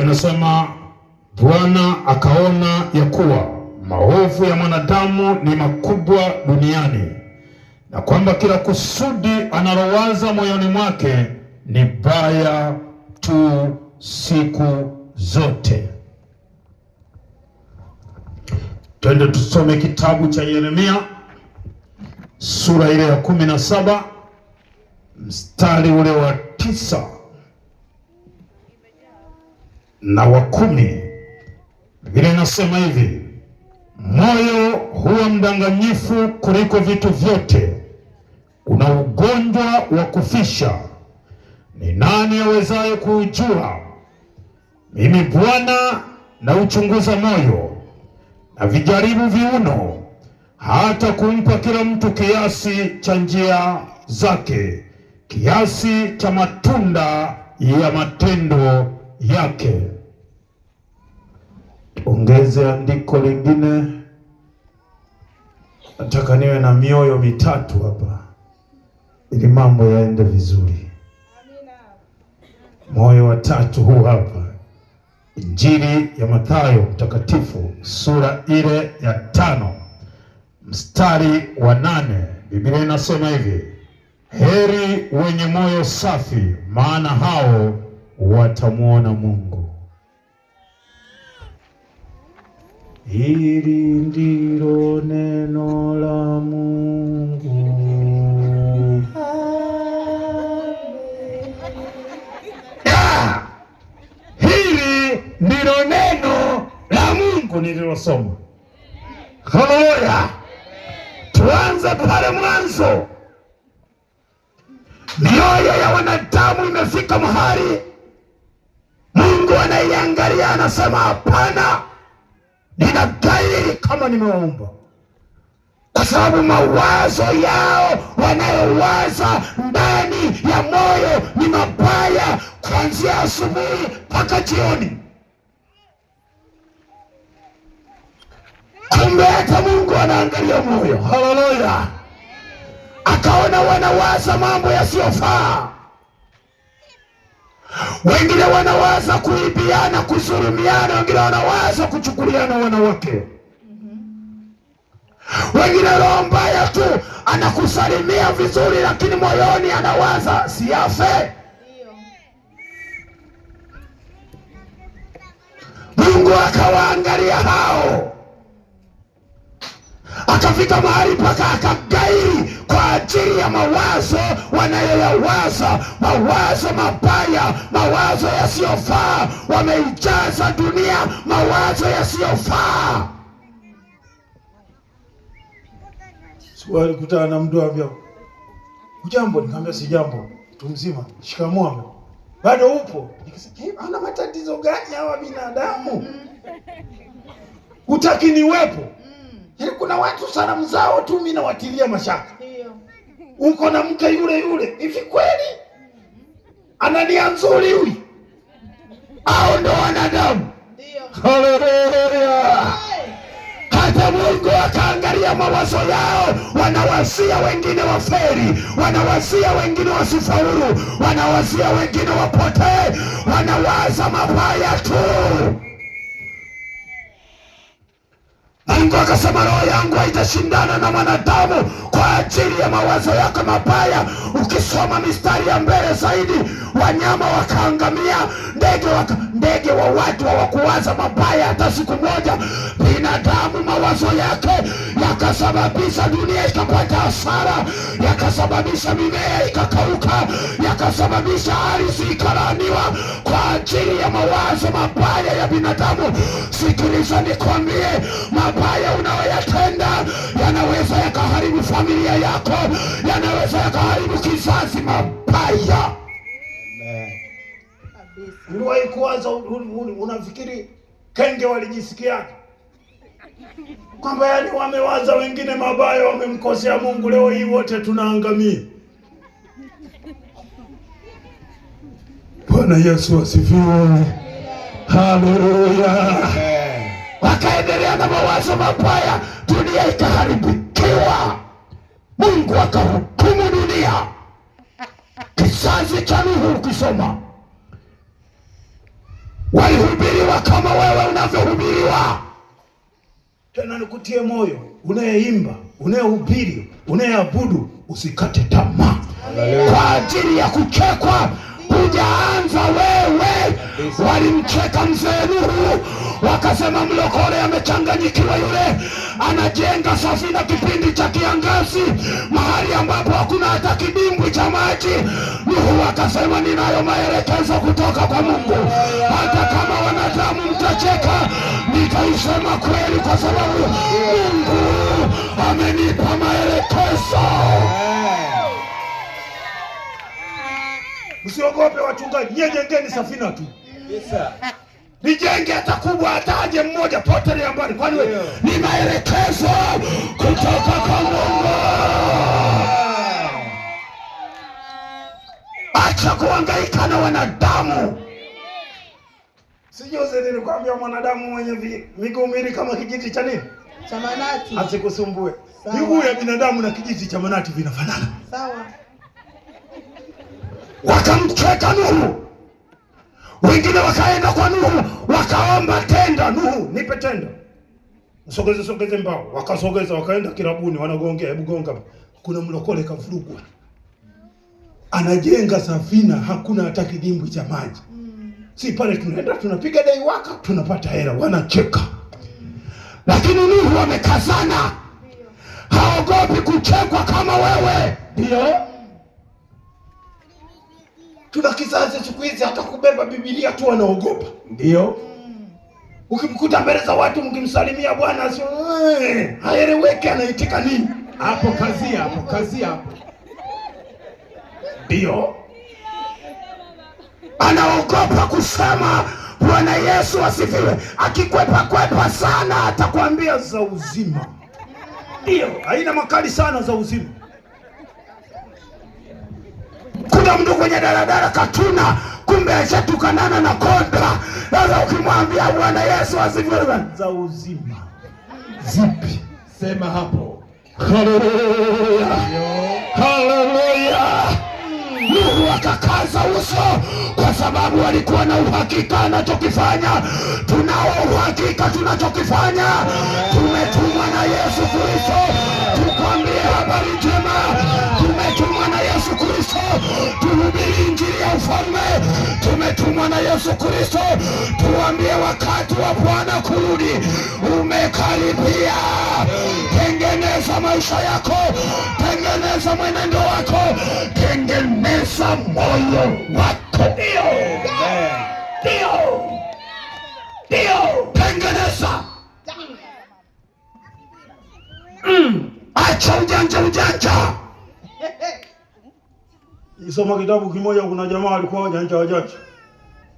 Anasema Bwana akaona ya kuwa maovu ya mwanadamu ni makubwa duniani na kwamba kila kusudi analowaza moyoni mwake ni baya tu siku zote. Twende tusome kitabu cha Yeremia sura ile ya kumi na saba mstari ule wa tisa na wa kumi. Biblia inasema hivi, moyo huwa mdanganyifu kuliko vitu vyote, una ugonjwa wa kufisha. Ni nani awezaye kuujua? Mimi Bwana nauchunguza moyo na vijaribu viuno, hata kumpa kila mtu kiasi cha njia zake, kiasi cha matunda ya matendo yake. Ongeze andiko lingine, nataka niwe na mioyo mitatu hapa ili mambo yaende vizuri. Moyo wa tatu huu hapa, Injili ya Mathayo mtakatifu sura ile ya tano mstari wa nane Biblia inasema hivi: heri wenye moyo safi, maana hao watamwona Mungu. Hili ndilo neno la Mungu. Ah! hili ndilo neno la Mungu nililosoma. Haleluya! Tuanze pale mwanzo. Mioyo ya wanadamu imefika mahali Mungu anaiangalia anasema, hapana, nina dhahiri kama nimeumba, kwa sababu mawazo yao wanayowaza ndani ya moyo ni mabaya, kuanzia asubuhi mpaka jioni. Kumbe hata Mungu anaangalia moyo. Haleluya! Akaona wanawaza mambo yasiyofaa wengine wanaweza kuibiana, kuzurumiana, wengine wanaweza kuchukuliana wanawake wengine roho mbaya tu, anakusalimia vizuri, lakini moyoni anawaza siafe. Mungu akawaangalia hao akafika mahali mpaka akagairi kwa ajili ya mawazo wanayoyawaza, mawazo mabaya, mawazo yasiyofaa. Wameijaza dunia mawazo yasiyofaa. Walikutana na mtu avyo, ujambo, Nikamwambia si jambo, mtu mzima. Shikamoo. Bado upo? Nikasema eh, ana matatizo gani hawa binadamu, mm-hmm. utakiniwepo hii kuna watu salamu zao tu mimi nawatilia mashaka. Ndio. Uko na mke yule yule. Hivi kweli? Ana nia nzuri huyu? Au ndo wanadamu? Ndio. Haleluya. Hata Mungu akaangalia mawazo yao, wanawasia wengine waferi, wanawasia wengine wasifaulu, wanawasia wengine wapotee, wanawaza mabaya tu. Mungu akasema roho yangu haitashindana na mwanadamu kwa ajili ya mawazo yako mabaya. Ukisoma mistari ya mbele zaidi, wanyama wakaangamia ndege wa, ndege wa watu hawakuwaza mabaya hata siku moja. Binadamu mawazo yake yakasababisha dunia ikapata hasara, yakasababisha mimea ikakauka, yakasababisha ardhi ikaraniwa kwa ajili ya mawazo mabaya ya binadamu. Sikiliza nikwambie, mabaya unayoyatenda yanaweza yakaharibu familia yako, yanaweza yakaharibu kizazi. Mabaya Uliwahi kuwaza, unafikiri kenge walijisikiaje? Kwamba yani wamewaza wengine mabaya, wamemkosea Mungu, leo hii wote tunaangamia. Bwana Yesu asifiwe, haleluya. Wakaendelea na mawazo mabaya, dunia ikaharibikiwa, Mungu akahukumu dunia. kisazi cha Nuhu ukisoma walihubiriwa kama wewe unavyohubiriwa. Tena nikutie moyo, unayeimba, unayehubiri, unayeabudu, usikate tamaa kwa ajili ya kuchekwa. Hujaanza wewe, walimcheka mzee Nuhu wakasema mlokole amechanganyikiwa, yule anajenga safina kipindi cha kiangazi, mahali ambapo hakuna hata kidimbwi cha maji. Nuhu akasema ninayo maelekezo kutoka kwa Mungu, hata kama wanadamu mtacheka, nitaisema kweli, kwa sababu Mungu amenipa maelekezo. Msiogope wachungaji, nyejengeni safina tu. Yes, sir nijenge hata kubwa hata aje mmoja pote liambani, kwani wewe yeah. ni maelekezo kutoka kwa Mungu. Acha kuhangaika na wanadamu. Sijuzi nilikwambia mwanadamu mwenye miguu miwili kama kijiti cha nini cha manati asikusumbue. Miguu ya binadamu na kijiti cha manati vinafanana, sawa? Wakamcheka Nuhu wengine wakaenda kwa Nuhu wakaomba tenda, Nuhu nipe tenda, sogeze sogeze mbao, wakasogeza wakaenda kirabuni, wanagongea, hebu gonga. Kuna mlokole kavurugwa, anajenga safina, hakuna hata kidimbwi cha maji. Si pale tunaenda tunapiga dai waka tunapata hela, wanacheka. Lakini Nuhu wamekazana, haogopi kuchekwa kama wewe, ndio Tuna kizazi siku hizi hata kubeba Biblia tu wanaogopa, ndio mm. ukimkuta mbele za watu mkimsalimia bwana sio eh, haeleweki, anaitika nini hapo. Kazi hapo, kazi hapo, ndio anaogopa kusema Bwana Yesu asifiwe. Akikwepa kwepa sana atakwambia za uzima, ndio haina makali sana za uzima unakuta mtu kwenye daladala katuna, kumbe ashatukanana na konda. Sasa ukimwambia Bwana Yesu asifiwe, za uzima zipi? Sema hapo. Haleluya, haleluya. Nuhu akakaza uso, kwa sababu walikuwa na uhakika anachokifanya. Tunao uhakika tunachokifanya, tumetumwa na Yesu Kristo tukwambie habari njema Yesu Kristo tuhubiri injili ya ufalme. Tumetumwa na Yesu Kristo tuambie wakati wa Bwana kurudi umekaribia. Tengeneza maisha yako, tengeneza mwenendo wako, tengeneza moyo wako. Ndio, ndio, tengeneza mm. acha ujanja ujanja Nisoma kitabu kimoja, kuna jamaa walikuwa wajanja wajanja,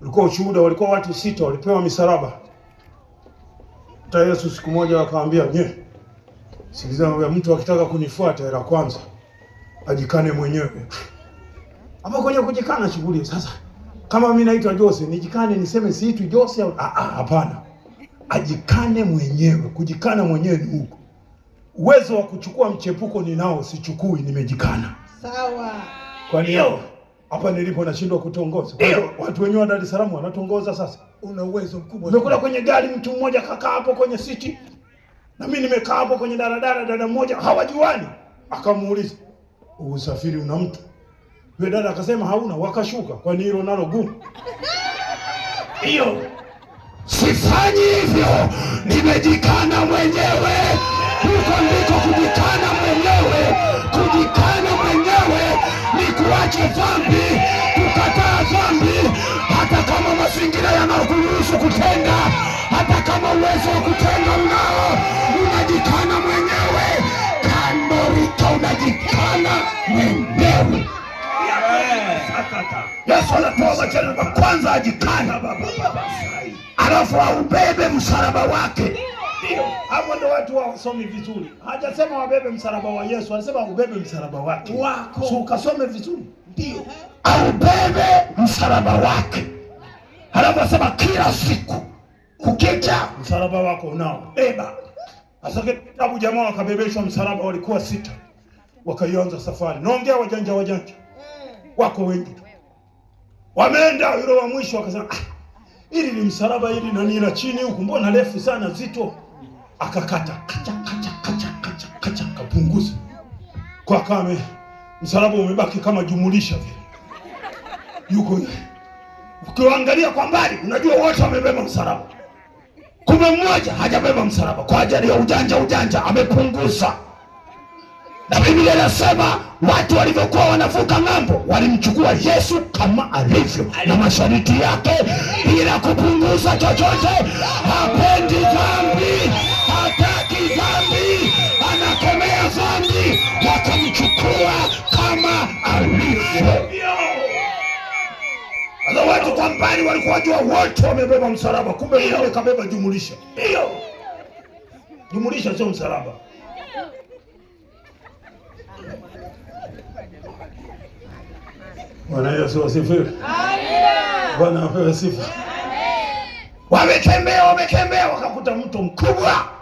walikuwa ushuhuda, walikuwa watu sita, walipewa misalaba. ta Yesu siku moja akawaambia, nye sikilizana, mtu akitaka kunifuata era kwanza ajikane mwenyewe. Hapo kwenye kujikana shughuli sasa. Kama mimi naitwa Jose, nijikane niseme siitwi Jose au ah, ah, hapana. Ajikane mwenyewe. Kujikana mwenyewe ni huko. Uwezo wa kuchukua mchepuko ninao, sichukui, nimejikana. Sawa. Kwa nini? hapa nilipo nashindwa kutongoza. Watu wenyewe wa Dar es Salaam wanatongoza sasa. Una uwezo mkubwa. Nimekula kwenye gari, mtu mmoja kakaa hapo kwenye siti, na mimi nimekaa hapo kwenye daladala, dada mmoja hawajuani, akamuuliza usafiri una mtu yule dada akasema hauna, wakashuka. Kwa nini hilo nalo gumu? Hiyo sifanyi hivyo, nimejikana mwenyewe. Huko ndiko kujikana mwenyewe, kujikana tuache dhambi, kukataa dhambi, hata kama mazingira yanakuruhusu kutenda, hata kama uwezo wa kutenda unao, unajikana mwenyewe. rika, unajikana mwenyewe. Yesu anatoa kwanza ajikana, alafu aubebe msalaba wake ndio, hapo ndo watu wao wasomi vizuri. Hajasema wabebe msalaba wa Yesu, anasema ubebe msalaba wake wako. So ukasome vizuri, ndio aubebe msalaba wake, halafu asema kila siku kukicha msalaba wako unao beba. Hasa kitabu jamaa wakabebeshwa msalaba, walikuwa sita, wakaianza safari. Naongea wajanja, wajanja wako wengi tu, wameenda yule wa mwisho akasema, ah, ili ni msalaba, ili nani na chini huku, mbona refu sana zito akakata kacha kacha kacha kacha kacha, kapunguza kwa kame, msalaba umebaki kama jumulisha vile, yuko ukiangalia kwa mbali, unajua wote wamebeba msalaba, kumbe mmoja hajabeba msalaba kwa ajili ya ujanja ujanja, amepunguza. Na Biblia inasema watu walivyokuwa wanavuka ng'ambo walimchukua Yesu kama alivyo na masharti yake, bila kupunguza chochote. Hapendi dhambi. dhambi watamchukua kama alivyo. Wale watu kwa mbali walikuwa wajua wote wamebeba msalaba, kumbe yeye kabeba jumulisha. Ndio. Jumulisha sio msalaba. Bwana Yesu asifiwe. Amina. Bwana apewe sifa. Amen. Wametembea wametembea wakakuta mto mkubwa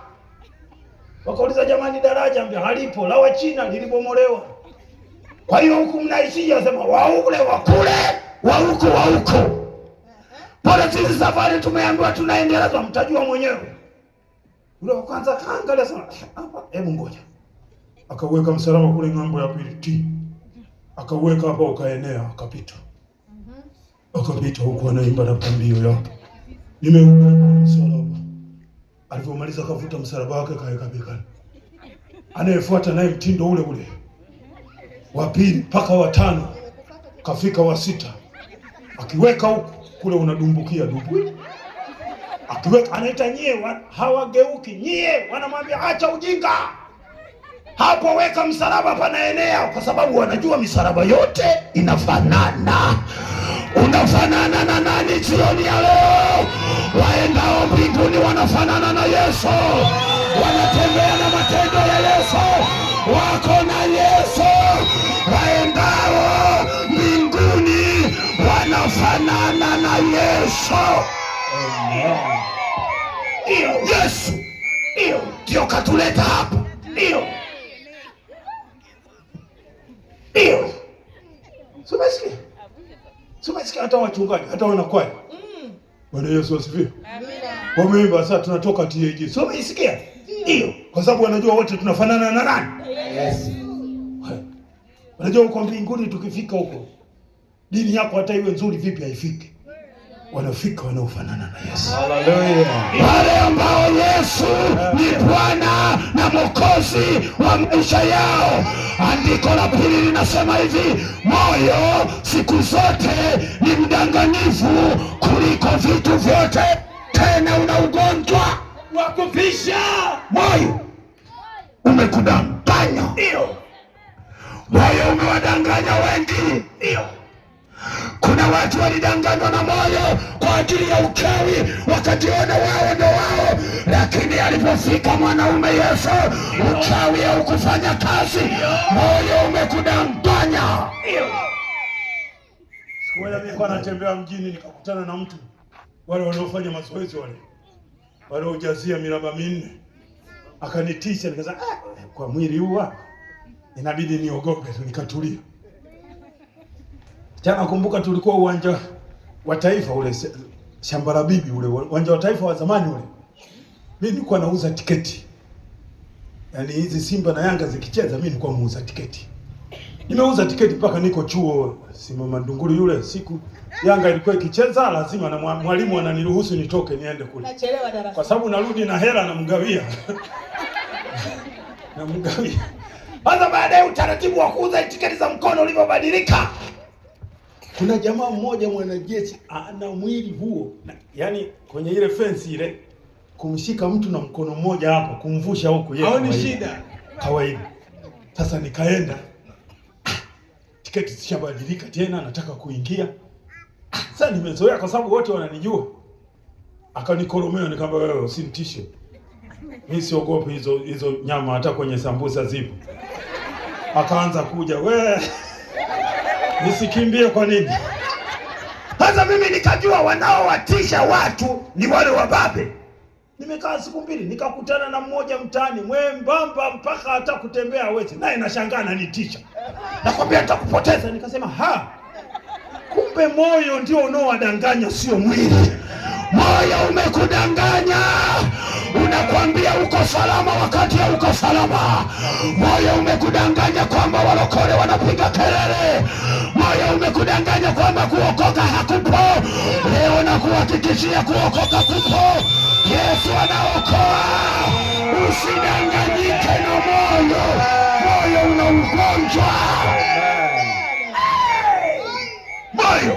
Wakauliza, jamani, daraja mbia halipo la Wachina lilibomolewa, kwa hiyo huku mnaishije? Wasema waule wakule wa huko wa huku. pole. Sisi safari tumeambiwa tunaendelezwa, mtajua mwenyewe. Ule wa kwanza kaangalia sana hapa, hebu ngoja, akaweka msalama kule ng'ambo ya pili ti, akaweka hapa, ukaenea, akapita mhm. akapita, huku anaimba na pambio yapo, nimeona msalama Alivyomaliza akavuta msalaba wake kaweka begani. Anayefuata naye mtindo ule ule, wa pili mpaka watano, kafika wa sita, akiweka huku kule unadumbukia dubu, akiweka anaita nyie, hawageuki nyie, wanamwambia acha ujinga hapo, weka msalaba, panaenea, kwa sababu wanajua misalaba yote inafanana. Unafanana na nani jioni ya leo? Waendao mbinguni wanafanana na Yesu, wanatembea na matendo ya Yesu, wako na Yesu. Waendao mbinguni wanafanana na Yesu. Iyo Yesu ndio katuleta hapa, iyo iyo, umesikia? Sio umesikia hata wachungaji hata wana wanakwaya. Mm. Bwana Yesu asifiwe. Amina. Wameimba sasa tunatoka TAG. Sio umesikia? Hiyo kwa sababu wanajua wote tunafanana na nani? Yes. Wanajua huko mbinguni tukifika huko dini yako hata iwe nzuri vipi haifiki. Wanafika wanaofanana na Yesu. Hallelujah. Wale ambao Yesu ni Bwana na Mwokozi wa maisha yao. Andiko la pili linasema hivi, moyo siku zote ni mdanganyifu kuliko vitu vyote, tena una ugonjwa wa kufisha. Moyo umekudanganya, moyo umewadanganya wengi, ndio kuna watu walidanganywa na moyo kwa ajili ya uchawi, wakajiona wao ndio wao, lakini alipofika mwanaume Yesu, uchawi haukufanya kazi, moyo umekudanganya. Siku moja nilikuwa natembea mjini, nikakutana na mtu wale wanaofanya mazoezi wale waliojazia miraba minne, akanitisha. Nikasema ah, kwa mwili huu inabidi niogope tu, nikatulia. Tena kumbuka tulikuwa uwanja wa taifa ule shamba la bibi ule uwanja wa taifa wa zamani ule. Mimi nilikuwa nauza tiketi. Yaani hizi Simba na Yanga zikicheza mimi nilikuwa muuza tiketi. Nimeuza tiketi mpaka niko chuo, si mama Ndunguru yule siku Yanga ilikuwa ikicheza lazima na mwalimu ananiruhusu nitoke niende kule. Nachelewa darasa. Kwa sababu narudi na hela namgawia. namgawia. Hata baadaye utaratibu wa kuuza tiketi za mkono ulivyobadilika. Kuna jamaa mmoja mwanajeshi ana mwili huo na, yani kwenye ile fence ile kumshika mtu na mkono mmoja hapa kumvusha huko yeye. Haoni shida. Kawaida. Sasa nikaenda. Tiketi zishabadilika tena nataka kuingia. Sasa nimezoea kwa sababu wote wananijua. Akanikoromea nikamba, wewe usinitishe. Mimi siogopi hizo hizo nyama hata kwenye sambusa zipo. Akaanza kuja wewe Nisikimbie kwa nini? Sasa mimi nikajua wanaowatisha watu ni wale wababe. Nimekaa siku mbili nikakutana na mmoja mtaani mwembamba mpaka hata kutembea hawezi, naye nashangaa ananitisha, nakwambia nitakupoteza. Nikasema ha, kumbe moyo ndio unaowadanganya, sio mwili. Moyo umekudanganya unakwambia uko salama, wakati ya uko salama. Moyo umekudanganya kwamba walokole wanapiga kelele moyo umekudanganya kwamba kuokoka hakupo, leo nakuhakikishia kuokoka kupo. Yesu anaokoa, usidanganyike na moyo. Moyo una ugonjwa, moyo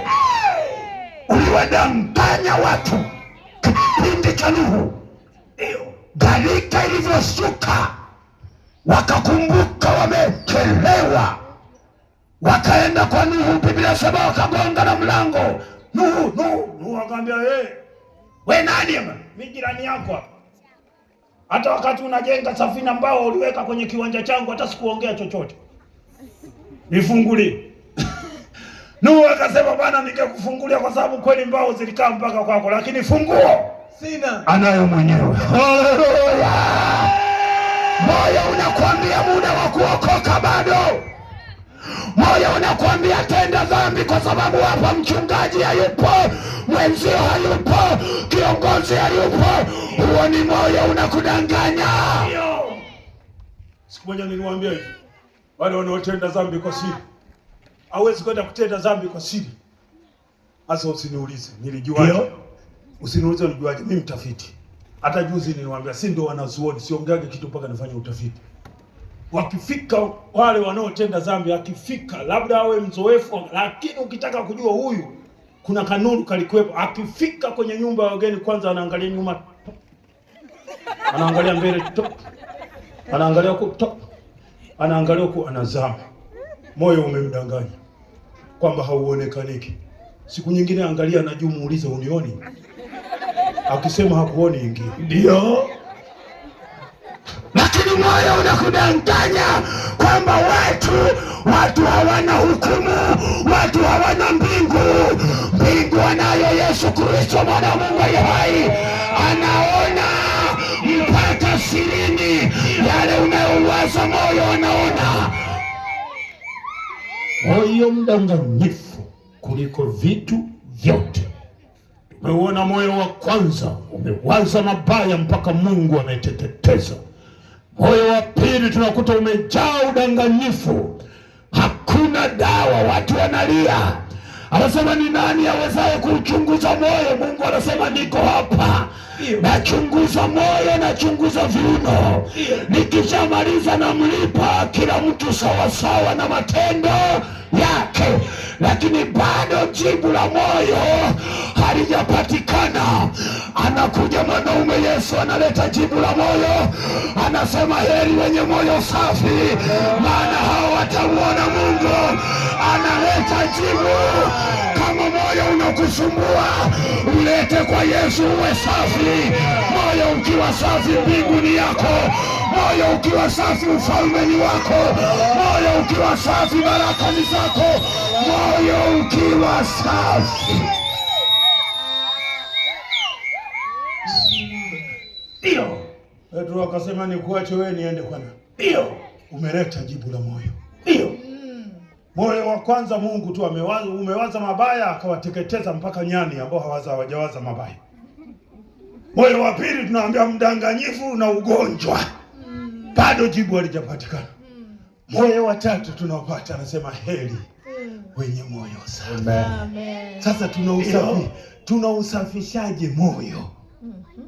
uliwadanganya watu kipindi cha Nuhu, gharika ilivyoshuka wakakumbuka wamechelewa. Wakaenda kwa Nuhu, Biblia sema wakagonga na mlango. Nuhu, Nuhu, Nuhu akamwambia hey, we nani? Mimi jirani yako. Hata wakati unajenga safina mbao uliweka kwenye kiwanja changu, hata sikuongea chochote. Nifungulie. Nuhu akasema bwana, ningekufungulia kwa sababu kweli mbao zilikaa mpaka kwako, lakini funguo sina, anayo mwenyewe. Haleluya! Moyo unakwambia muda wa kuokoka bado moyo unakuambia tenda dhambi, kwa sababu hapa mchungaji hayupo, mwenzio hayupo, kiongozi hayupo. Huo ni moyo unakudanganya. Siku moja niliwaambia hivi, wale wanaotenda dhambi kwa siri, hawezi kwenda kutenda dhambi kwa siri. Sasa usiniulize nilijuaje, usiniulize nilijuaje, mimi mtafiti. Hata juzi niliwaambia, si ndio wanazuoni, siongeage kitu mpaka nifanye utafiti wakifika wale wanaotenda dhambi, akifika labda awe mzoefu, lakini ukitaka kujua huyu, kuna kanuni kalikuwepo. Akifika kwenye nyumba ya wageni, kwanza anaangalia nyuma, anaangalia mbele, anaangalia huko, anaangalia huko, anazama. Moyo umemdanganya kwamba hauonekaniki. Siku nyingine angalia na juu, muulize unioni. Akisema hakuoni, ingia ndio ni moyo unakudanganya kwamba watu watu hawana hukumu, watu hawana mbingu. Mbingu anayo Yesu Kristo, mwana wa Mungu aliye hai, anaona mpaka sirini yale unayowaza moyo, anaona moyo mdanganyifu kuliko vitu vyote. Tumeuona moyo wa kwanza umewaza mabaya mpaka Mungu ameteteteza Moyo wa pili tunakuta umejaa udanganyifu, hakuna dawa, watu wanalia. Anasema ni nani awezaye kuuchunguza moyo? Mungu anasema niko hapa, nachunguza moyo, nachunguza viuno, nikishamaliza namlipa kila mtu sawasawa na matendo yake, lakini bado jibu la moyo halijapatikana, anakuja mwanaume Yesu analeta jibu la moyo, anasema heri wenye moyo safi, maana hao watamwona Mungu. Analeta jibu. Kama moyo unakusumbua ulete kwa Yesu, uwe safi. Moyo ukiwa safi, mbingu ni yako. Moyo ukiwa safi, ufalme ni wako. Moyo ukiwa safi, baraka ni zako. Moyo ukiwa safi Petro akasema nikuache wewe niende kwa nani? Ndio umeleta jibu la moyo. Ndio mm. moyo wa kwanza Mungu tu amewaza, umewaza mabaya akawateketeza mpaka nyani ambao hawaza hawajawaza mabaya. Moyo wa pili tunaambia mdanganyifu na ugonjwa, mm. bado jibu halijapatikana. Mm. Moyo wa tatu tunaopata anasema heri wenye moyo safi. Amen. Sasa tunausafishaje moyo? Mm-hmm.